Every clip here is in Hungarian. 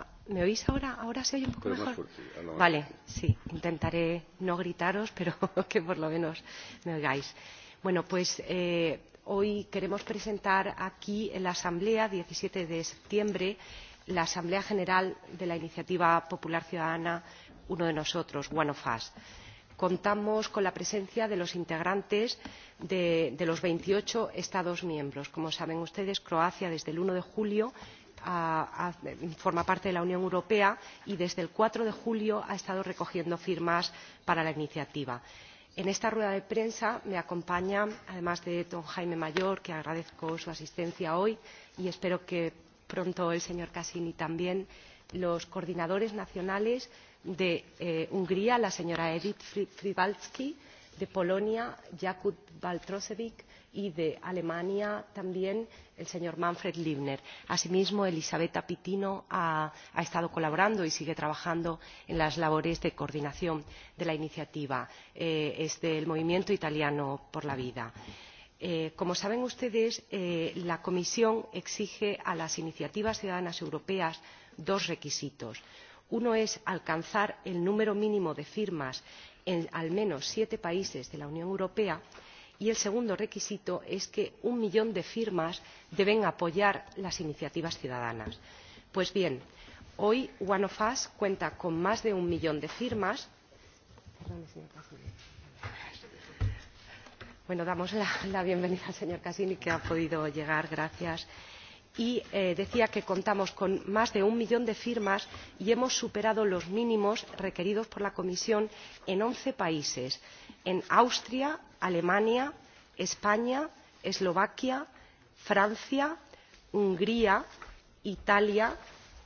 está. ¿Me oís ahora? ¿Ahora se oye un poco pero mejor? Fuerte, vale, sí, intentaré no gritaros, pero que por lo menos me oigáis. Bueno, pues eh, hoy queremos presentar aquí en la Asamblea, 17 de septiembre, la Asamblea General de la Iniciativa Popular Ciudadana, uno de nosotros, One of Us contamos con la presencia de los integrantes de, de los veintiocho estados miembros como saben ustedes croacia desde el uno de julio forma parte de la unión europea y desde el cuatro de julio ha estado recogiendo firmas para la iniciativa. en esta rueda de prensa me acompaña además de don jaime mayor a quien agradezco su asistencia hoy y espero que pronto el señor casini también los coordinadores nacionales de eh, hungría la señora edit Fribalski, de polonia jakub baltrosevich y de Alemania también el señor Manfred Liebner. Asimismo, Elisabetta Pitino ha, ha estado colaborando y sigue trabajando en las labores de coordinación de la iniciativa. Eh, es del Movimiento Italiano por la Vida. Eh, como saben ustedes, eh, la Comisión exige a las iniciativas ciudadanas europeas dos requisitos. Uno es alcanzar el número mínimo de firmas en al menos siete países de la Unión Europea y y el segundo requisito es que un millón de firmas deben apoyar las iniciativas ciudadanas. pues bien hoy one of us cuenta con más de un millón de firmas señor bueno damos la, la bienvenida al señor casini que ha podido llegar gracias a y eh, decía que contamos con más de un millón de firmas y hemos superado los mínimos requeridos por la comisión en once países en austria alemania españa eslovaquia francia hungría italia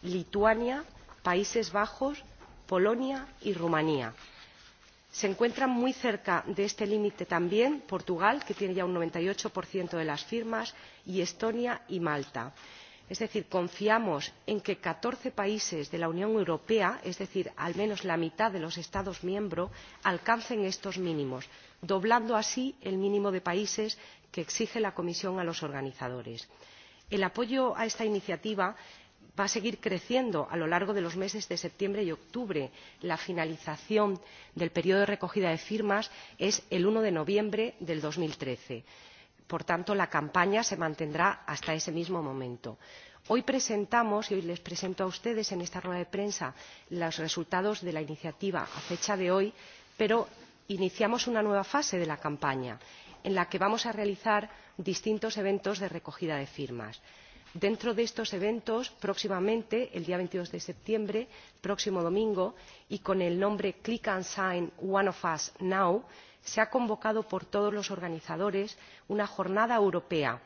lituania países bajos polonia y rumanía se encuentra muy cerca de este límite también portugal que tiene ya un noventa y ocho de las firmas y estonia y malta. es decir confiamos en que catorce países de la unión europea es decir al menos la mitad de los estados miembros alcancen estos mínimos doblando así el mínimo de países que exige la comisión a los organizadores. el apoyo a esta iniciativa va a seguir creciendo a lo largo de los meses de septiembre y octubre la finalización del periodo de recogida de firmas es el uno de noviembre de dos mil trece por tanto la campaña se mantendrá hasta ese mismo momento. hoy presentamos y hoy les presento a ustedes en esta rueda de prensa los resultados de la iniciativa a fecha de hoy pero iniciamos una nueva fase de la campaña en la que vamos a realizar distintos eventos de recogida de firmas dentro de estos eventos próximamente el día veintidós de septiembre próximo domingo y con el nombre click and sign one of us now se ha convocado por todos los organizadores una jornada europea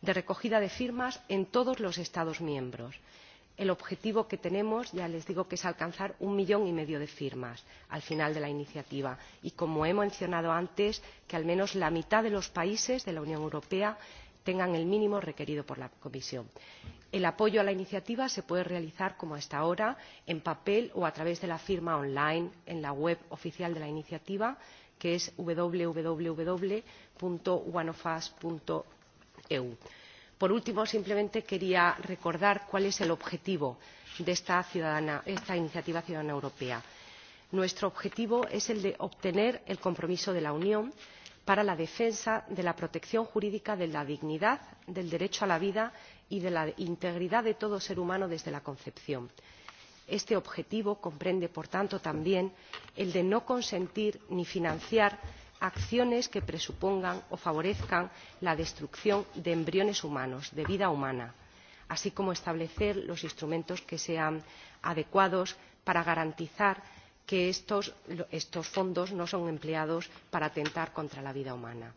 de recogida de firmas en todos los estados miembros. el objetivo que tenemos ya les digo que es alcanzar un millón y medio de firmas al final de la iniciativa y como he mencionado antes que al menos la mitad de los países de la unión europea tengan el mínimo requerido por la comisión. el apoyo a la iniciativa se puede realizar como hasta ahora en papel o a través de la firma en línea en la web oficial de la iniciativa que es www oneofus eu. por último simplemente quería recordar cuál es el objetivo de esta, ciudadana, esta iniciativa ciudadana europea. nuestro objetivo es el de obtener el compromiso de la unión para la defensa de la protección jurídica de la dignidad del derecho a la vida y de la integridad de todo ser humano desde la concepción. este objetivo comprende por tanto también el de no consentir ni financiar acciones que presupongan o favorezcan la destrucción de embriones humanos de vida humana así como establecer los instrumentos que sean adecuados para garantizar que estos, fondos no son empleados para atentar contra la vida humana.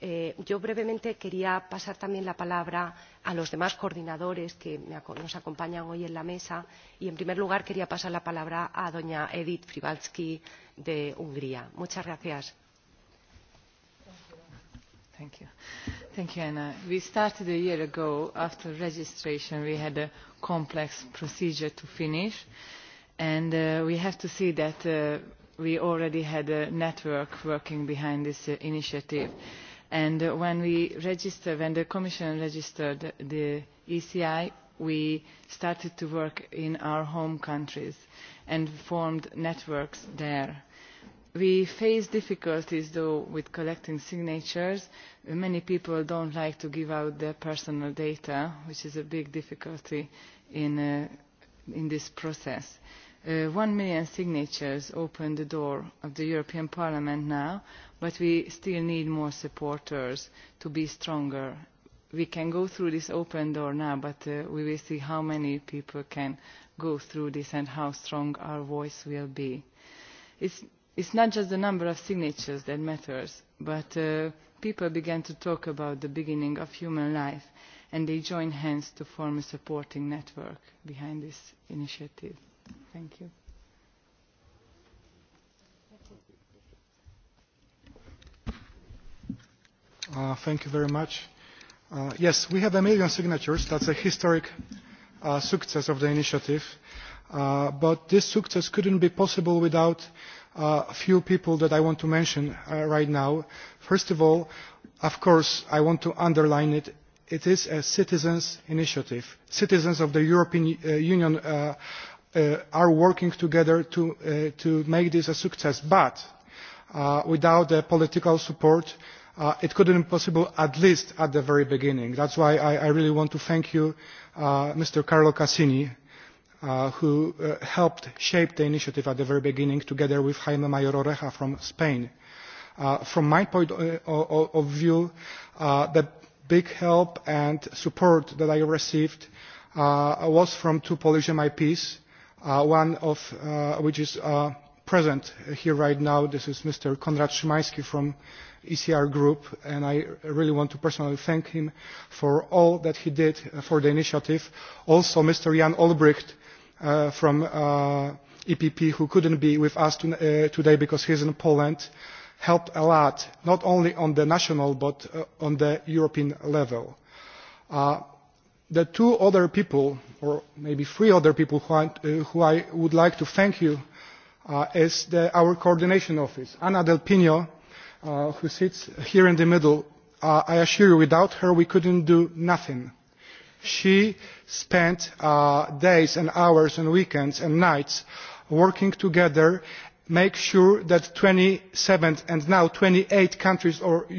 Eh, yo brevemente quería pasar también la palabra a los demás coordinadores que nos acompañan hoy en la mesa y, en primer lugar, quería pasar la palabra a doña Edith Fribalski de Hungría. Muchas gracias. Thank you. Thank you, Anna. We started a year ago. After registration, we had a complex procedure to finish and uh, we have to see that uh, we already had a network working behind this uh, initiative and uh, when we registered when the commission registered the eci we started to work in our home countries and formed networks there. we face difficulties though with collecting signatures many people don't like to give out their personal data which is a big difficulty in, uh, in this process. Uh, one million signatures open the door of the european parliament now but we still need more supporters to be stronger. we can go through this open door now but uh, we will see how many people can go through this and how strong our voice will be. it is not just the number of signatures that matters but uh, people began to talk about the beginning of human life and they joined hands to form a supporting network behind this initiative. Thank you. Uh, thank you very much. Uh, yes, we have a million signatures. That's a historic uh, success of the initiative. Uh, but this success couldn't be possible without uh, a uh, few people that I want to mention uh, right now. First of all, of course, I want to underline it. It is a citizens' initiative. Citizens of the European uh, Union uh, Uh, are working together uh, to, make this a success. But uh, without the political support, it it couldn't be possible at least at the very beginning. That's why I, really want to thank you, Mr. Carlo Cassini, who helped shape the initiative at the very beginning together with Jaime Mayor Oreja from Spain. from my point of, view, the big help and support that I received was from two Polish meps uh, one of uh, which is uh, present here right now. This is Mr. Konrad Szymański from ECR Group, and I really want to personally thank him for all that he did uh, for the initiative. Also, Mr. Jan Olbricht uh, from uh, EPP, who couldn't be with us to, uh, today because he's in Poland, helped a lot, not only on the national but uh, on the European level. Uh, the two other people, or maybe three other people who I, uh, would like to thank you uh, is our coordination office, Ana Del Pino, uh, who sits here in the middle. I assure you, without her, we could not do anything. She spent days and hours and weekends and nights working together make sure that twenty seven and now twenty eight countries of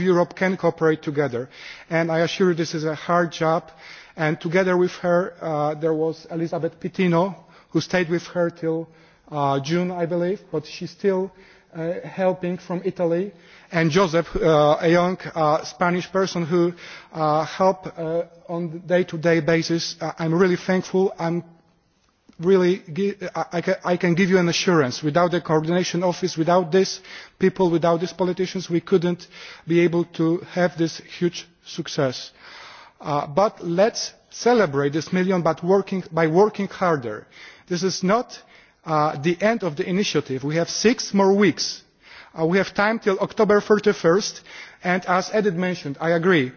europe can cooperate together and i assure you this is a hard job and together with her uh, there was elisabeth pitino who stayed with her till uh, june i believe but she's still uh, helping from italy and josep a young spanish person who helped on a day to day basis. i am really thankful really I can give you an assurance without the coordination office without these people without these politicians we could not be able to have this huge success. Uh, but let us celebrate this million by working, by working harder. this is not uh, the end of the initiative. we have six more weeks. Uh, we have time until october thirty one and as edit mentioned i agree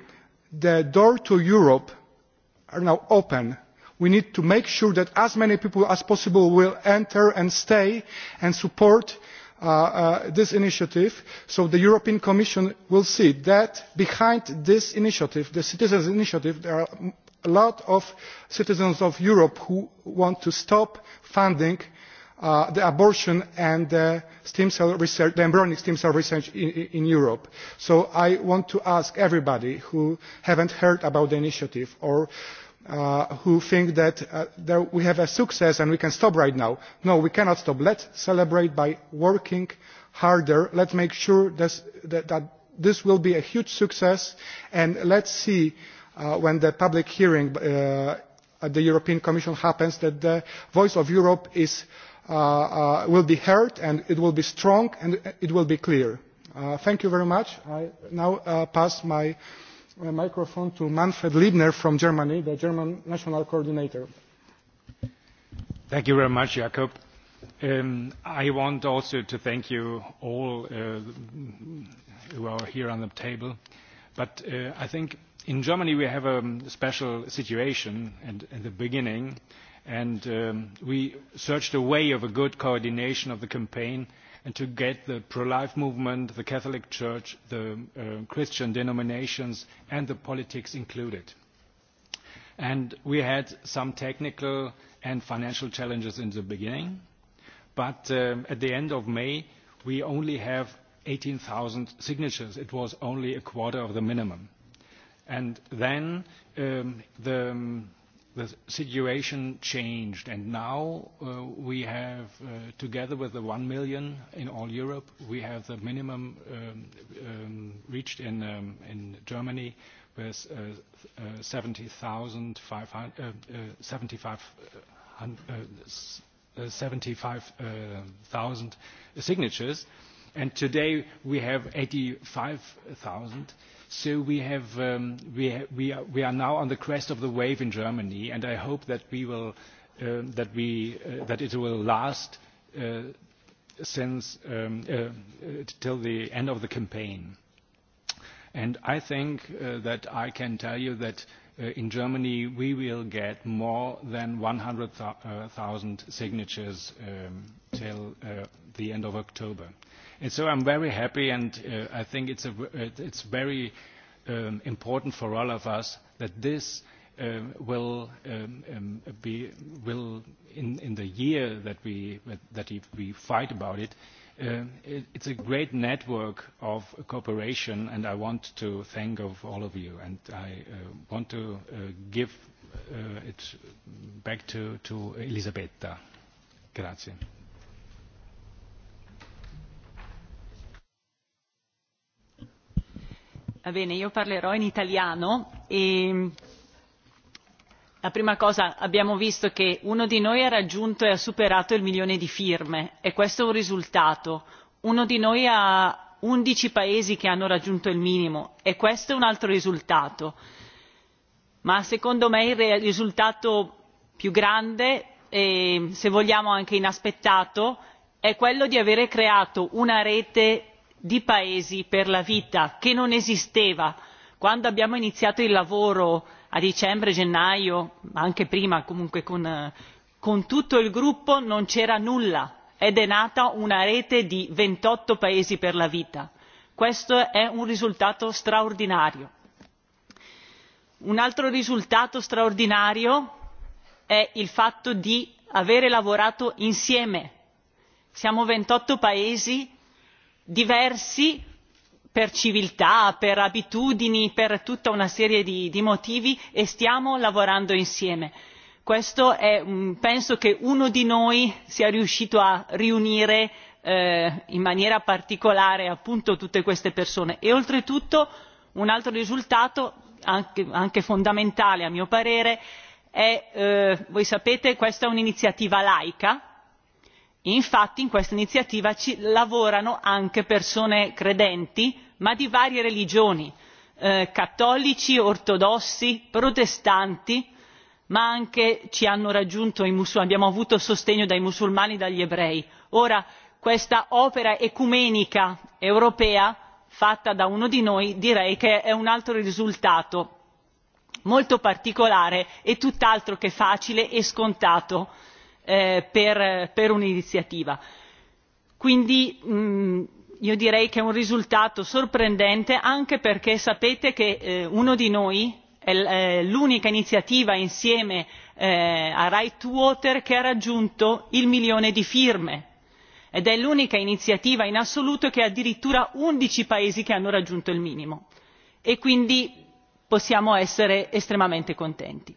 the door to europe is now open we need to make sure that as many people as possible will enter and stay and support uh, uh, this initiative so the european commission will see that behind this initiative the citizens' initiative there are a lot of citizens of europe who want to stop funding uh, the abortion and stem cell research, embryonic stem cell research in, Europe. So I want to ask everybody who has not heard about the initiative or uh, Uh, who think that, uh, that we have a success and we can stop right now. No, we cannot stop. Let's celebrate by working harder. Let's make sure that, that, that this will be a huge success. And let's see uh, when the public hearing uh, at the European Commission happens that the voice of Europe is, uh, uh, will be heard and it will be strong and it will be clear. Uh, thank you very much. I now uh, pass my a microphone to Manfred Liebner from Germany, the German national coordinator. Thank you very much, Jakob. Um, I want also to thank you all uh, who are here on the table. But uh, I think in Germany we have a um, special situation at, at the beginning, and um, we searched a way of a good coordination of the campaign uh, and to get the pro-life movement, the Catholic Church, the uh, Christian denominations and the politics included. we had some technical and financial challenges in the beginning, but um, at the end of May we only had eighteen 18,000 signatures. It was only a quarter of the minimum. then um, the um, the situation changed and now uh, we have uh, together with the 1 million in all Europe we have the minimum um, um, reached in um, in Germany with uh, uh, 70,500 uh, uh, 75 uh, uh, uh signatures and today we have 85,000 So we, have, um, we, ha we, are, we are now on the crest of the wave in Germany, and I hope that, we will, uh, that, we, uh, that it will last uh, since, um, uh, uh, till the end of the campaign. And I think uh, that I can tell you that Uh, in Germany, we will get more than 100,000 signatures um, till uh, the end of October. And so I'm very happy, and uh, I think it's, a, it's very um, important for all of us that this um, will, um, um, be, will in, in the year that we, that we fight about it, uh, it's a great network of cooperation, and I want to thank of all of you. And I uh, want to uh, give uh, it back to, to Elisabetta. Grazie. Va bene, io parlerò in italiano e la prima cosa abbiamo visto che uno di noi ha raggiunto e ha superato il milione di firme e questo è un risultato uno di noi ha undici paesi che hanno raggiunto il minimo e questo è un altro risultato ma secondo me il risultato più grande e se vogliamo anche inaspettato è quello di avere creato una rete di paesi per la vita che non esisteva quando abbiamo iniziato il lavoro a dicembre gennaio ma anche prima comunque con, con tutto il gruppo non c'era nulla ed è nata una rete di ventotto paesi per la vita questo è un risultato straordinario. un altro risultato straordinario è il fatto di avere lavorato insieme siamo ventotto paesi diversi per civiltà per abitudini per tutta una serie di, di motivi e stiamo lavorando insieme. questo è mm, penso che uno di noi sia riuscito a riunire eh, in maniera particolare appunto tutte queste persone e oltretutto un altro risultato anche, anche fondamentale a mio parere è eh, voi sapete questa è un'iniziativa laica infatti in questa iniziativa lavorano anche persone credenti ma di varie religioni eh, cattolici ortodossi protestanti ma anche ci hanno raggiunto abbiamo avuto sostegno dai musulmani e dagli ebrei. ora questa opera ecumenica europea fatta da uno di noi direi che è un altro risultato molto particolare e tutt'altro che facile e scontato Eh, per, per un'iniziativa. quindi mh, mm, io direi che è un risultato sorprendente anche perché sapete che eh, uno di noi è l'unica iniziativa insieme eh, a right to water che ha raggiunto il milione di firme ed è l'unica iniziativa in assoluto che ha addirittura undici paesi che hanno raggiunto il minimo e quindi possiamo essere estremamente contenti.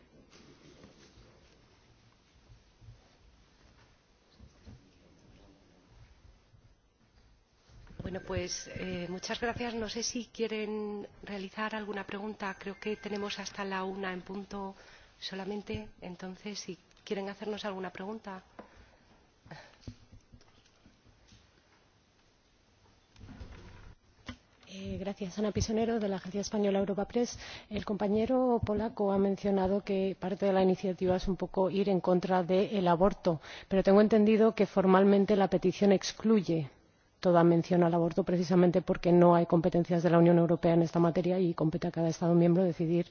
Bueno, pues eh, muchas gracias. No sé si quieren realizar alguna pregunta. Creo que tenemos hasta la una en punto solamente. Entonces, si quieren hacernos alguna pregunta. Eh, gracias. Ana Pisonero, de la Agencia Española Europa Press. El compañero polaco ha mencionado que parte de la iniciativa es un poco ir en contra del de aborto, pero tengo entendido que formalmente la petición excluye toda mención al aborto precisamente porque no hay competencias de la unión europea en esta materia y compete a cada estado miembro decidir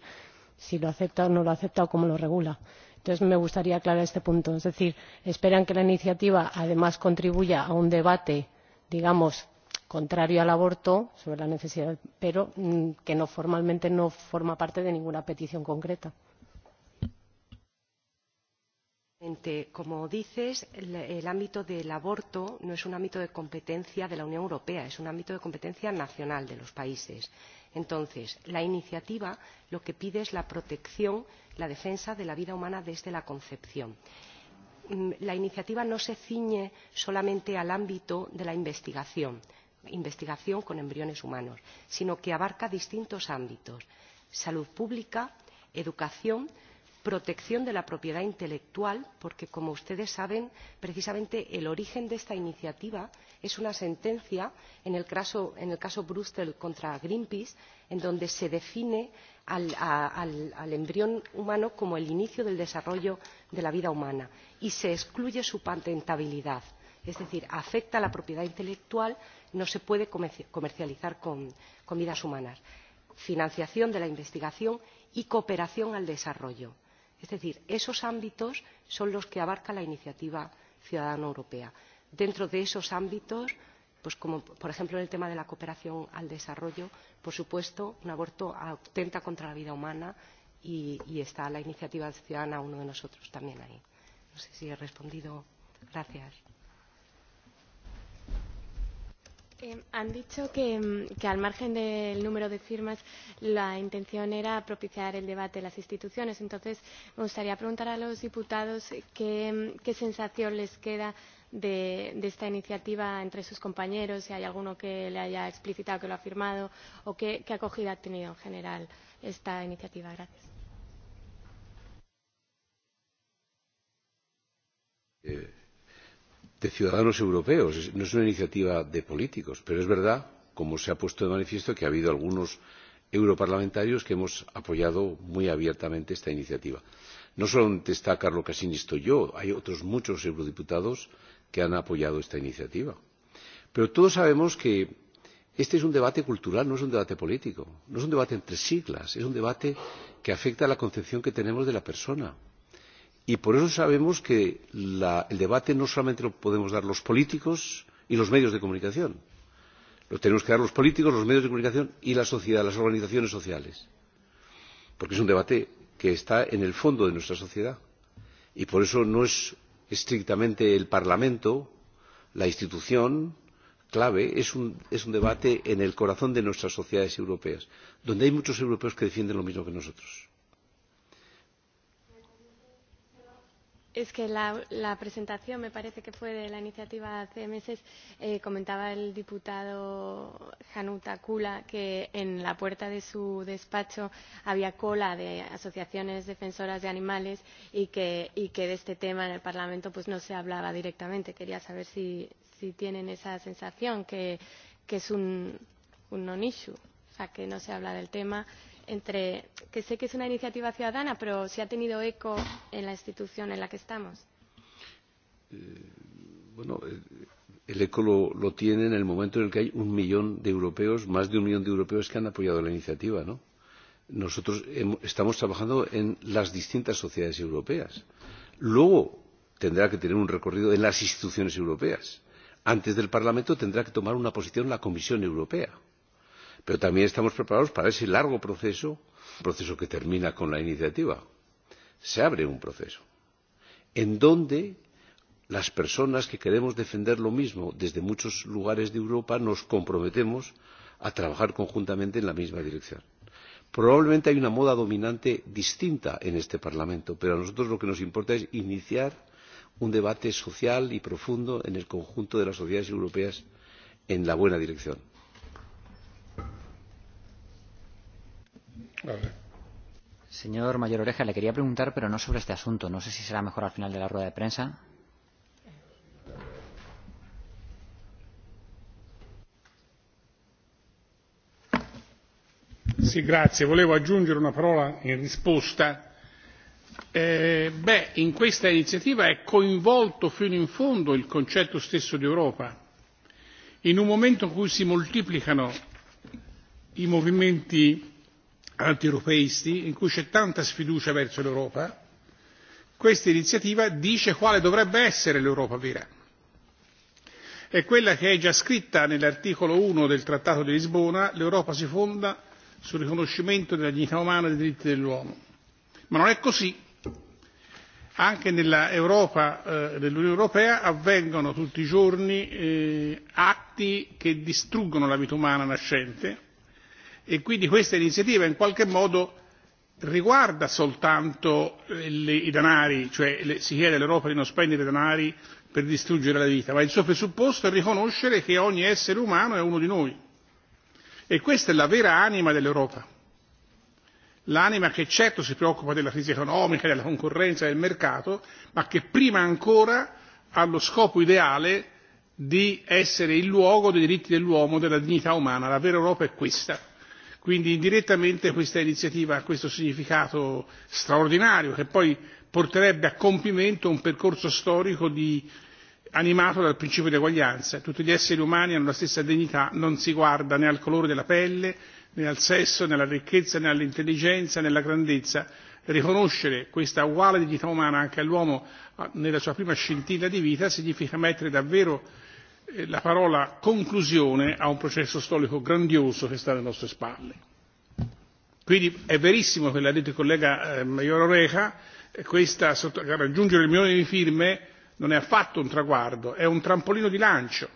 si lo acepta o no lo acepta o cómo lo regula. entonces me gustaría aclarar este punto es decir esperan que la iniciativa además contribuya a un debate digamos contrario al aborto sobre la necesidad pero mm, que formalmente no forma parte de ninguna petición concreta como dices el ámbito del aborto no es un ámbito de competencia de la unión europea es un ámbito de competencia nacional de los países. entonces la iniciativa lo que pide es la protección la defensa de la vida humana desde la concepción. Mm, la iniciativa no se ciñe solamente al ámbito de la investigación investigación con embriones humanos sino que abarca distintos ámbitos salud pública educación protección de la propiedad intelectual porque como ustedes saben precisamente el origen de esta iniciativa es una sentencia en el caso, en el caso brustel contra greenpeace en donde se define al, a, al, al embrión humano como el inicio del desarrollo de la vida humana y se excluye su patentabilidad es decir afecta a la propiedad intelectual no se puede comercializar con, con vidas humanas financiación de la investigación y cooperación al desarrollo es decir esos ámbitos son los que abarca la iniciativa ciudadana europea. dentro de esos ámbitos pues como por ejemplo en el tema de la cooperación al desarrollo por supuesto un aborto atenta contra la vida humana y, y está la iniciativa ciudadana uno de nosotros también ahí. no sé si he respondido. gracias. Eh, han dicho que, que, al margen del número de firmas, la intención era propiciar el debate de las instituciones. Entonces, me gustaría preguntar a los diputados qué, qué sensación les queda de, de esta iniciativa entre sus compañeros, si hay alguno que le haya explicitado que lo ha firmado o qué, qué acogida ha tenido en general esta iniciativa. Gracias. Eh de ciudadanos europeos. No es una iniciativa de políticos, pero es verdad, como se ha puesto de manifiesto, que ha habido algunos europarlamentarios que hemos apoyado muy abiertamente esta iniciativa. No solamente está Carlo Casini, estoy yo, hay otros muchos eurodiputados que han apoyado esta iniciativa. Pero todos sabemos que este es un debate cultural, no es un debate político, no es un debate entre siglas, es un debate que afecta a la concepción que tenemos de la persona y por eso sabemos que la, el debate no solamente lo podemos dar los políticos y los medios de comunicación lo tenemos que dar los políticos los medios de comunicación y la sociedad las organizaciones sociales porque es un debate que está en el fondo de nuestra sociedad y por eso no es estrictamente el parlamento la institución clave es un, es un debate en el corazón de nuestras sociedades europeas donde hay muchos europeos que defienden lo mismo que nosotros es que la, la presentación me parece que fue de la iniciativa hace meses eh, comentaba el diputado Januta Kula que en la puerta de su despacho había cola de asociaciones defensoras de animales y que, y que de este tema en el Parlamento pues no se hablaba directamente. Quería saber si, si tienen esa sensación que, que es un, un non issue, o sea que no se habla del tema entre que sé que es una iniciativa ciudadana, pero si ha tenido eco en la institución en la que estamos. Eh, bueno, eh, el eco lo, lo tiene en el momento en el que hay un millón de europeos, más de un millón de europeos que han apoyado la iniciativa, ¿no? Nosotros hem, estamos trabajando en las distintas sociedades europeas. Luego tendrá que tener un recorrido en las instituciones europeas. Antes del Parlamento tendrá que tomar una posición la Comisión Europea Pero también estamos preparados para ese largo proceso, proceso que termina con la iniciativa. Se abre un proceso en donde las personas que queremos defender lo mismo desde muchos lugares de Europa nos comprometemos a trabajar conjuntamente en la misma dirección. Probablemente hay una moda dominante distinta en este Parlamento, pero a nosotros lo que nos importa es iniciar un debate social y profundo en el conjunto de las sociedades europeas en la buena dirección. Señor Mayor Oreja, le quería preguntar, pero no sobre este asunto. No sé si será mejor al final de la rueda de prensa. Sì, grazie. Volevo aggiungere una parola in risposta. Eh, beh, in questa iniziativa è coinvolto fino in fondo il concetto stesso di Europa. In un momento in cui si moltiplicano i movimenti antieuropeisti in cui c'è tanta sfiducia verso l'Europa, questa iniziativa dice quale dovrebbe essere l'Europa vera. È quella che è già scritta nell'articolo 1 del Trattato di Lisbona, l'Europa si fonda sul riconoscimento della dignità umana e dei diritti dell'uomo. Ma non è così. Anche nell'Europa, eh, nell'Unione Europea avvengono tutti i giorni eh, atti che distruggono la vita umana nascente, e quindi questa iniziativa in qualche modo riguarda soltanto eh, i denari cioè si chiede all'europa di non spendere denari per distruggere la vita ma il suo presupposto è riconoscere che ogni essere umano è uno di noi e questa è la vera anima dell'europa l'anima che certo si preoccupa della crisi economica della concorrenza del mercato ma che prima ancora ha lo scopo ideale di essere il luogo dei diritti dell'uomo della dignità umana la vera europa è questa Quindi indirettamente questa iniziativa ha questo significato straordinario che poi porterebbe a compimento un percorso storico di, animato dal principio di eguaglianza. Tutti gli esseri umani hanno la stessa dignità, non si guarda né al colore della pelle, né al sesso, né alla ricchezza, né all'intelligenza, né alla grandezza. Riconoscere questa uguale dignità umana anche all'uomo ah, nella sua prima scintilla di vita significa mettere davvero E la parola conclusione a un processo storico grandioso che sta alle nostre spalle. Quindi è verissimo quello che ha detto il collega eh, Maior Oreja, eh, questa, raggiungere il milione di firme non è affatto un traguardo, è un trampolino di lancio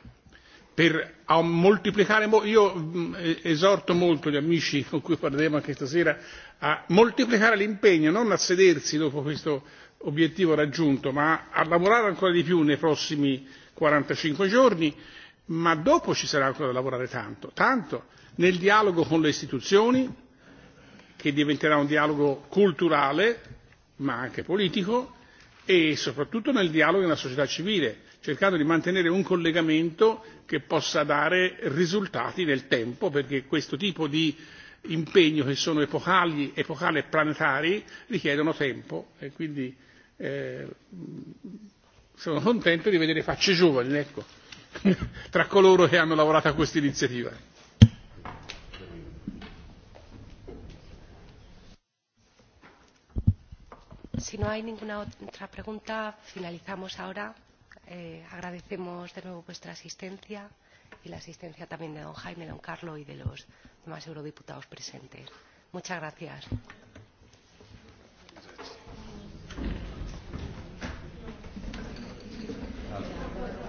per moltiplicare. Io mm, e, esorto molto gli amici con cui parleremo anche stasera a moltiplicare l'impegno, non a sedersi dopo questo obiettivo raggiunto, ma a lavorare ancora di più nei prossimi 45 giorni, ma dopo ci sarà ancora da lavorare tanto, tanto nel dialogo con le istituzioni, che diventerà un dialogo culturale, ma anche politico, e soprattutto nel dialogo nella società civile, cercando di mantenere un collegamento che possa dare risultati nel tempo, perché questo tipo di impegno che sono epocali, epocali e planetari richiedono tempo e quindi eh, sono contento di vedere facce giovani ecco, tra coloro che hanno lavorato a questa iniziativa. Si no hay ninguna otra pregunta, finalizamos ahora. Eh, agradecemos de nuevo vuestra asistencia y la asistencia también de don Jaime, don Carlos y de los demás eurodiputados presentes. Muchas gracias.